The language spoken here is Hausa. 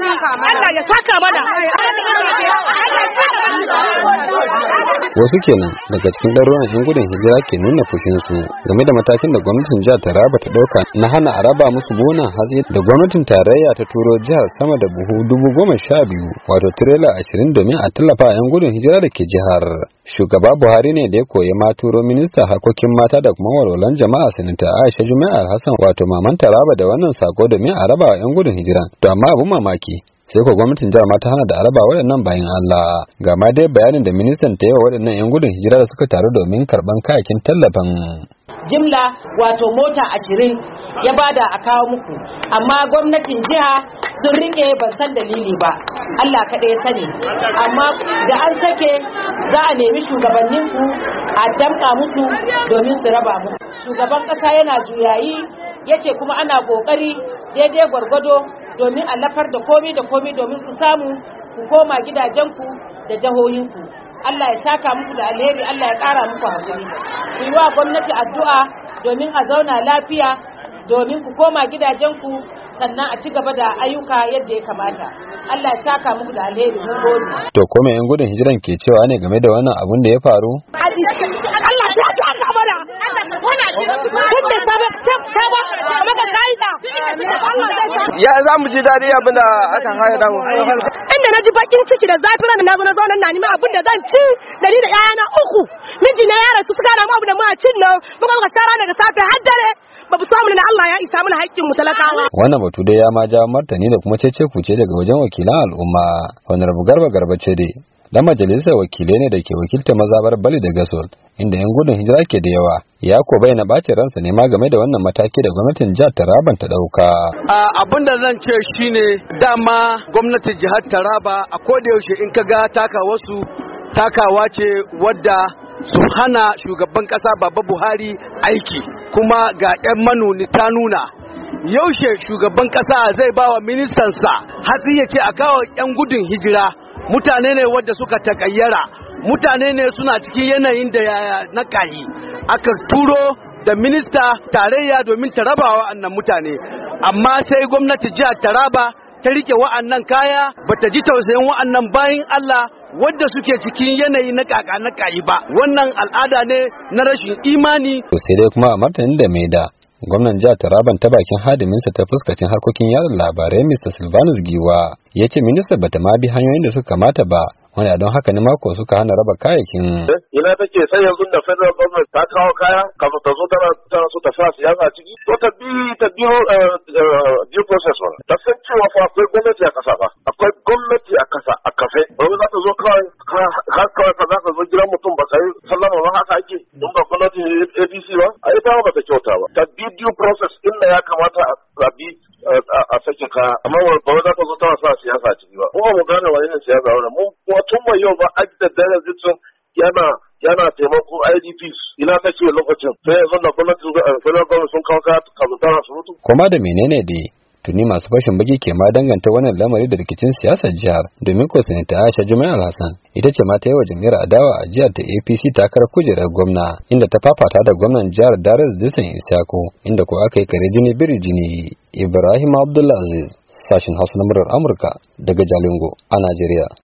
wasu kenan daga cikin ɗaruran 'yan gudun hijira ke nuna fushinsu game da matakin da gwamnatin jihar taraba ta ɗauka na hana a raba musu buhunan hatsi da gwamnatin tarayya ta turo jihar sama da buhu dubu goma sha biyu wato tirela ashirin domin a tallafa 'yan gudun hijira da ke jihar shugaba buhari ne da ya koyi maturo turo minista harkokin mata da kuma walwalan jama'a sanata aisha juma'ar hassan wato maman taraba da wannan sako domin a raba 'yan gudun hijira to amma abin mamaki sai ko gwamnatin jihar ta hana da araba waɗannan bayan Allah ga ma dai bayanin da ministan ta yi wa waɗannan 'yan gudun hijira da suka taru domin karɓan kayakin tallafin jimla wato mota ashirin ya bada a kawo muku amma gwamnatin jiha sun rike ban san dalili ba Allah kaɗai sani amma da an sake za a nemi shugabanninku a damka musu domin su raba mu shugaban kasa yana juyayi ya ce kuma ana kokari daidai gwargwado domin a lafar da komai da komai domin ku samu ku koma gidajenku da jahohinku Allah ya taka muku da alheri Allah ya kara muku hakuri ku yi wa gwamnati addu'a domin a zauna lafiya domin ku koma gidajenku sannan a ci gaba da ayyuka yadda ya kamata Allah ya saka muku da alheri mun gode to ko me yan gudun hijiran ke cewa ne game da wannan abun da ya faru Allah ya ji aka da ya za mu ji dadi abin da aka haya da mu inda na ji bakin ciki da zafi ran na zo na zauna na nima abin da zan ci da ni da 'ya'yana uku miji na yara su suka na mu abu da mu a cin nan muka muka shara daga safe har dare ba bu samu na Allah ya isa mana haƙƙin mu talakawa wannan batu dai ya ma ja martani da kuma cece kuce daga wajen wakilan al'umma honorable garba garba ce dai dan majalisar wakilai ne da ke wakilta mazabar bali da gasol inda yan gudun hijira ke da yawa ya ko bayyana bacin ransa ne ma game da wannan mataki da gwamnatin jihar taraban ta dauka. Abin da zan ce shine dama gwamnatin jihar Taraba a koda yaushe in ka ga taka takawa ce wadda su hana shugaban kasa baba buhari aiki kuma ga 'yan manoni ta nuna yaushe shugaban kasa zai bawa ministansa hatsi ya ce a kawo 'yan gudun hijira mutane ne wadda suka takayyara mutane ne suna cikin yanayin da yaya na kayi aka turo da minista tarayya domin ta raba wa'annan mutane amma sai gwamnati jihar taraba ta rike wa'annan kaya bata ji tausayin wa'annan bayan allah wadda suke cikin yanayi na kaka na kayi ba wannan al'ada ne na rashin imani to sai dai kuma a martanin da mai da gwamnan jihar taraban ta bakin hadiminsa ta fuskacin harkokin yada labarai mr silvanus giwa ya ce minista bata ma bi hanyoyin da suka kamata ba wani don haka ne mako suka hana raba kayakin. Ina take sai yanzu da federal government ta kawo kaya kafin ta zo tana so ta fara siyasa ciki to ta bi ta biyo eh, eh, due process ta san cewa fa akwai gwamnati a kasa ba. kawai fa za ka zo gidan mutum ba yi sallama ba haka ake in ba APC ba a ita ba ta kyauta ba ta due process inda ya kamata a zabi a sake ka amma ba za ka zo ta wasa siyasa ciki ba kuma mu gane wani siyasa wannan mu tun ba yau ba a da darajitin yana yana taimako idp ina ta ce lokacin sai yanzu da gwamnati eh, sun kawo kaya kamar tara su mutu. menene dai tuni masu fashin baki ke ma danganta wannan lamari da rikicin siyasar jihar domin ko sanata Aisha Juma'a Hassan ita ce ma ta yi wa Jami'ar adawa a jihar ta APC takarar kujerar gwamna inda ta fafata da gwamnan jihar es Disan Isako inda ko aka yi kare jini biri jini Ibrahim Abdulaziz sashin Hausa na murar Amurka daga Jalingo a Najeriya